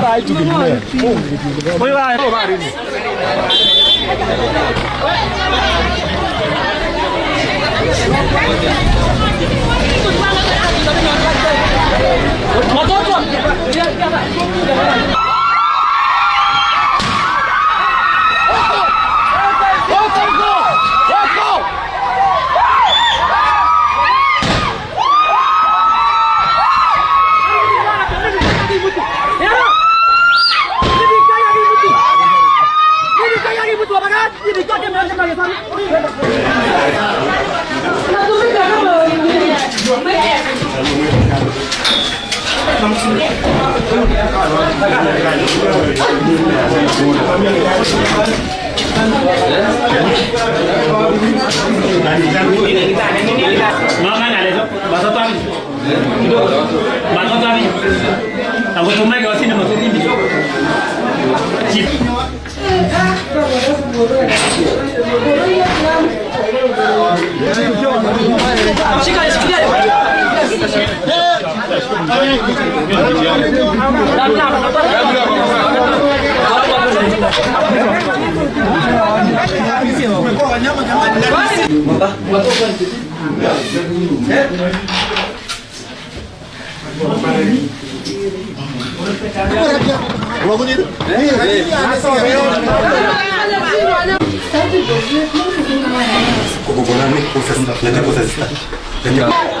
Vai tudo bem. Foi lá, é o marido. Motor, motor. Aku cuma gak sih nama tuh ini. Cip. Sikali sikali. Sikali. ここご覧ね、考察だ。何考察だ。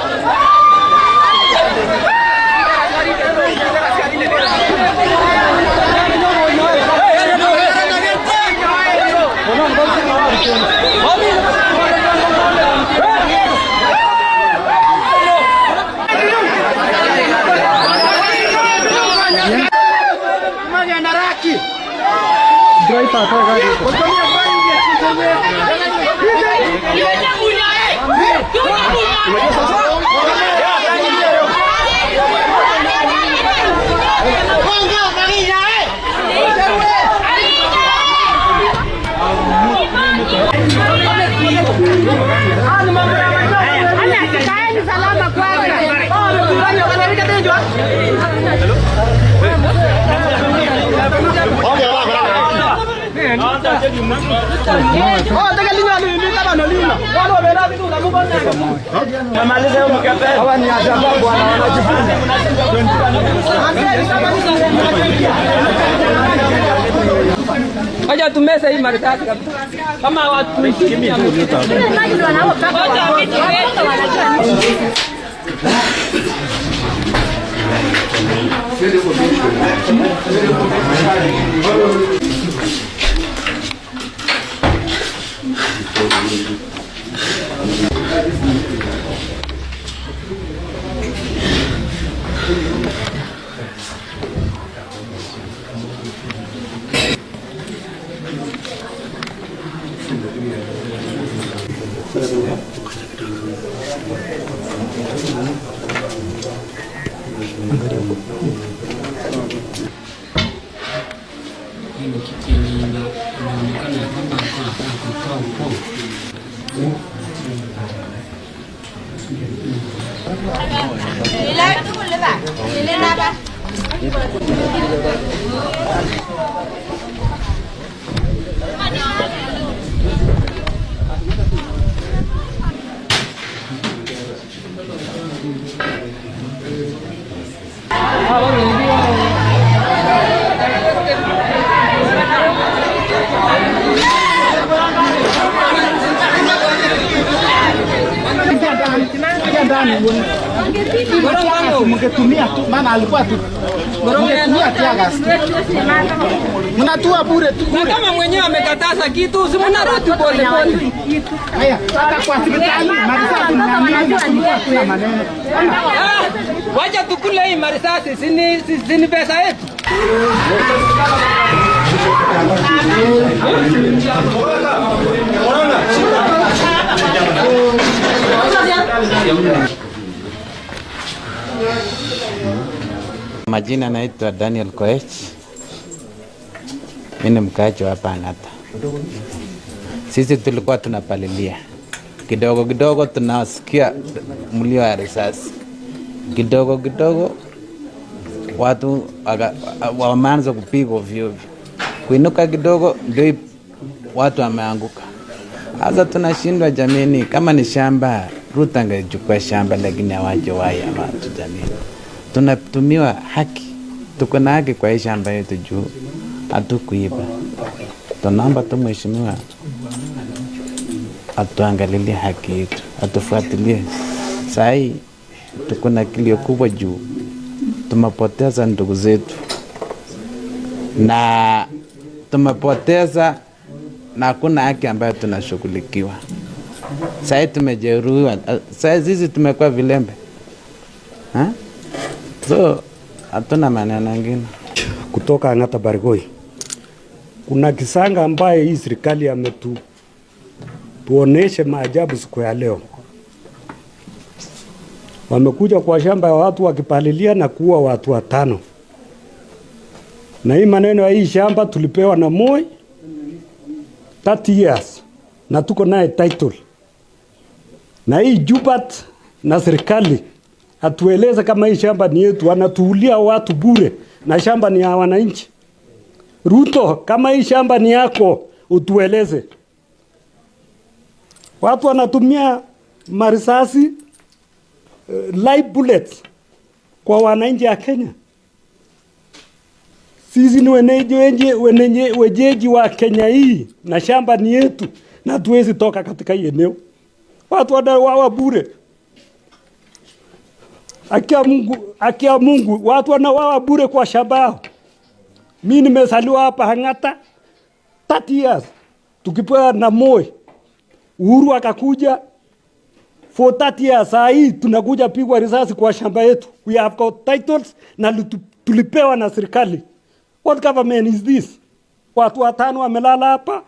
টাকা Namalizia mkate. Hawa ni ajabu bwana wanajifunza. Wacha tumese hii maridadi kabisa. Kama watu tuisikimia. Wacha vitu wetu wanajua. Đi lên, đi lên ba. ungetumia tu, maana alikuwa tu ungetumia tiagas, mnatua bure tu bure. Kama mwenyewe amekataza kitu, si mnarudi pole pole. Haya, hata kwa hospitali marisasi mnaamini maneno, ah, wacha tukule hii marisasi, si ni pesa yetu. Unaona? Majina naitwa Daniel Koech, mimi ni mkaaji wa hapa Ang'ata. Sisi tulikuwa tunapalilia kidogo kidogo, tunasikia mlio ya risasi kidogo kidogo, watu wameanza kupigwa ovyo kuinuka kidogo, ndio watu wameanguka. Sasa tunashindwa jamini, kama ni shamba Ruta angechukua shamba, lakini waya watu jamini tunatumiwa haki, tuko na haki kwa hii shamba yetu juu hatukuiba. Tunaomba tu mheshimiwa atuangalilie haki yetu, atufuatilie. Saa hii tuko na kilio kubwa juu tumepoteza ndugu zetu na tumepoteza na hakuna haki ambayo tunashughulikiwa. sahii tumejeruhiwa, saa hizi tumekuwa vilembe ha? so hatuna maneno mengine kutoka Ang'ata Barigoi. Kuna kisanga ambaye hii serikali ametu tuoneshe maajabu siku ya leo. Wamekuja kwa shamba ya watu wakipalilia na kuua watu watano, na hii maneno ya hii shamba tulipewa na Moi 30 years na tuko naye title na hii Jubat na serikali atueleze kama hii shamba ni yetu. Anatuulia watu bure na shamba ni ya wananchi. Ruto, kama hii shamba ni yako utueleze. Watu wanatumia marisasi uh, live bullets kwa wananchi ya Kenya. Sisi ni wenyeji wenye, wejeji wa Kenya hii na shamba ni yetu na tuwezi toka katika hii eneo. Watu wadawa bure. Haki ya Mungu, haki ya Mungu. Watu wanawawa bure kwa shabao. Mimi nimezaliwa hapa Hang'ata 30 years tukipewa na Moi. Uhuru akakuja for 30 years. Saa hii tunakuja pigwa risasi kwa shamba yetu. We have got titles na tulipewa na serikali. What government is this? Watu watano wamelala hapa.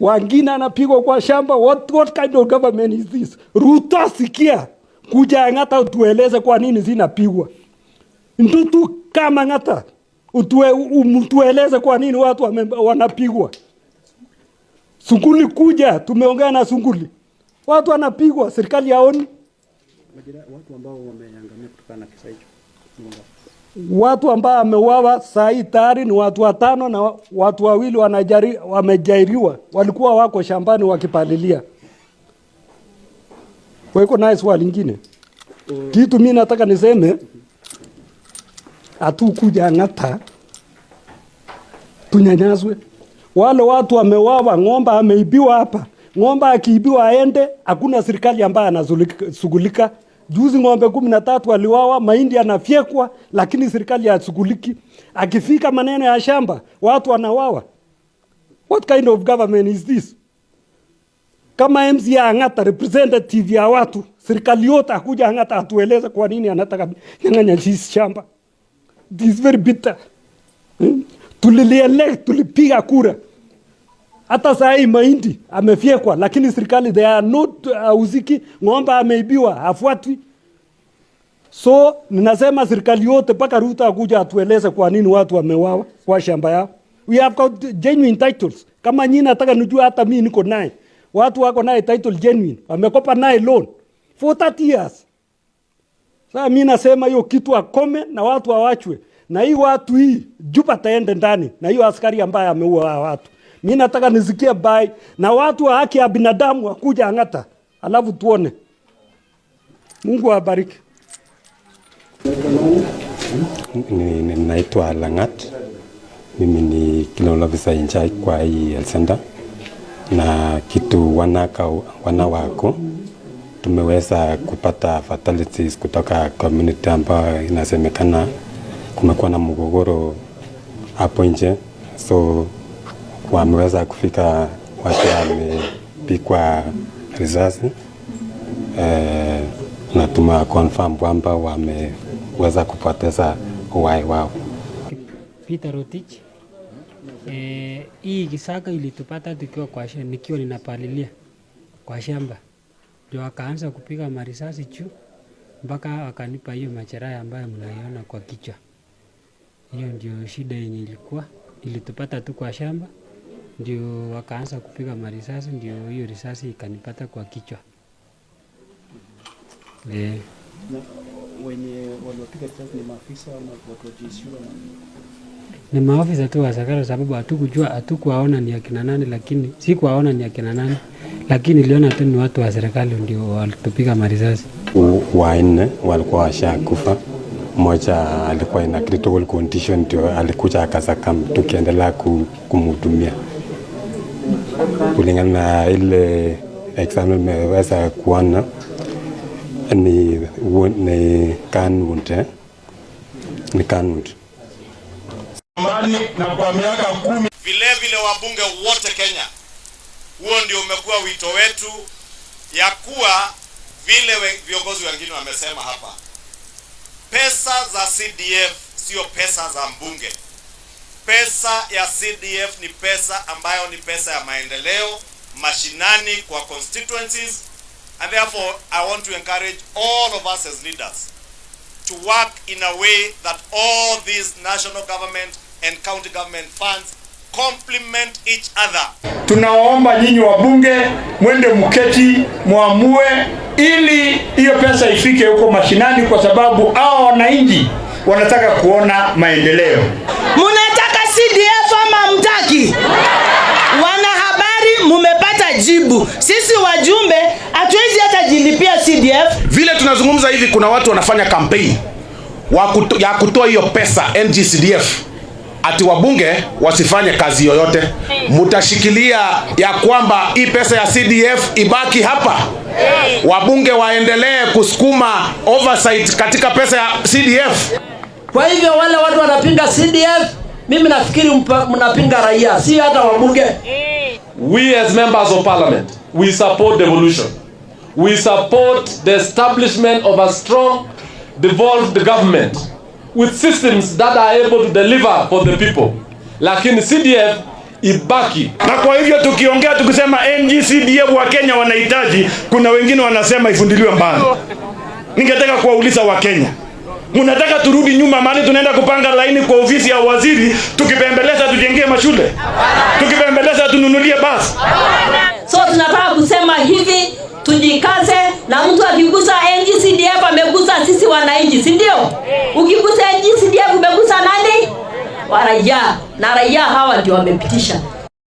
Wangine anapigwa kwa shamba. What, what kind of government is this? Ruto, sikia kuja ng'ata utueleze kwa nini zinapigwa ntutu kama ng'ata utue, utueleze kwa nini watu wanapigwa sunguli kuja tumeongea na sunguli watu wanapigwa serikali yaoni watu ambao wameangamia kutokana na kisa hicho watu ambao amewawa saa hii tayari ni watu watano na watu wawili wamejairiwa walikuwa wako shambani wakipalilia kwa hiyo naye swali lingine. mm. Kitu mimi nataka niseme hatukuja ng'ata tunyanyazwe. Wale watu wamewawa, ng'ombe ameibiwa hapa. Ng'ombe akiibiwa aende, hakuna serikali ambayo anashughulika. Juzi ng'ombe kumi na tatu aliwawa, mahindi yanafyekwa, lakini serikali hashughuliki. Akifika maneno ya shamba, watu wanawawa. What kind of government is this? kama MCA Ang'ata representative ya watu, serikali yote akuja Ang'ata atueleze kwa nini anataka nyang'anya hizi shamba. This is very bitter. Hmm? tulipiga kura. Hata saa hii mahindi amefyekwa, lakini serikali they are not uh, uziki, ng'ombe ameibiwa, hafuatwi. So ninasema serikali yote mpaka Ruto akuja atueleze kwa nini watu wamewawa kwa shamba yao. We have got genuine titles. Kama nyinyi nataka nijue hata mimi niko naye watu wako naye title genuine, wamekopa naye loan for 30 years. Sasa mimi nasema hiyo kitu akome na watu awachwe, na hii watu hii jupa taende ndani na hiyo askari ambaye ameua watu. Mimi nataka nisikie bai na watu wa haki ya binadamu wakuja Ang'ata, alafu tuone. Mungu awabariki. Naitwa Langat, mimi ni Kilolo Visa Injai kwa hii Elsenda na kitu wanaka, wana wako tumeweza kupata fatalities kutoka community ambayo inasemekana kumekuwa na mgogoro hapo nje, so wameweza kufika watu wamepikwa risasi eh, na tumewa confirm kwamba wameweza kupoteza uhai wao. Peter Rotich E, hii kisaka ilitupata tukiwa kwa shamba, nikiwa ninapalilia kwa shamba, ndio akaanza kupiga marisasi juu mpaka akanipa hiyo majeraha ambayo mnaiona kwa kichwa. Hiyo ndio shida yenye ilikuwa ilitupata tu kwa shamba, ndio wakaanza kupiga marisasi, ndio hiyo risasi ikanipata kwa kichwa e. Na wenye waliwapiga risasi ni maafisa ama watu wa jeshi ni maofisa tu wa serikali, sababu hatukujua hatukuwaona ni akina nani, lakini sikuwaona ni akina nani, lakini niliona tu ni watu wa serikali ndio walitupiga marisasi. Wanne walikuwa washakufa, mmoja alikuwa ina critical condition, ndio alikuja akasakam, tukiendelea kumhudumia kulingana na ile exam imeweza kuona ni, ni kanunde ni kanunde amani na kwa miaka kumi. Vile vile wabunge wote Kenya, huo ndio umekuwa wito wetu, ya kuwa vile we, viongozi wengine wamesema hapa, pesa za CDF sio pesa za mbunge. Pesa ya CDF ni pesa ambayo ni pesa ya maendeleo mashinani kwa constituencies, and therefore I want to encourage all of us as leaders to work in a way that all these national government and county government funds complement each other. Tunawaomba nyinyi wabunge mwende mketi mwamue ili hiyo pesa ifike huko mashinani, kwa sababu hao wananchi wanataka kuona maendeleo. Munataka CDF ama mtaki? Wanahabari, mumepata jibu. Sisi wajumbe hatuwezi hata jilipia CDF. Vile tunazungumza hivi, kuna watu wanafanya kampeni ya kutoa hiyo pesa ngcdf ati wabunge wasifanye kazi yoyote. mutashikilia ya kwamba hii pesa ya CDF ibaki hapa, wabunge waendelee kusukuma oversight katika pesa ya CDF. Kwa hivyo wale watu wanapinga CDF, mimi nafikiri mnapinga raia, si hata wabunge. We as members of parliament, we support devolution. We support the establishment of a strong devolved government with systems that are able to deliver for the people, lakini CDF ibaki. Na kwa hivyo tukiongea tukisema NG-CDF wa Kenya wanahitaji, kuna wengine wanasema ifundiliwe mbali. Ningetaka kuwauliza wa Kenya, mnataka turudi nyuma mahali tunaenda kupanga laini kwa ofisi ya waziri, tukipembeleza tujengee mashule, tukipembeleza tununulie basi? So tunataka kusema hivi tujikaze, na mtu akigusa NGCDF amegusa sisi wananchi, si ndio? Eh. Ukigusa NGCDF umegusa nani? Waraia, na raia hawa ndio wamepitisha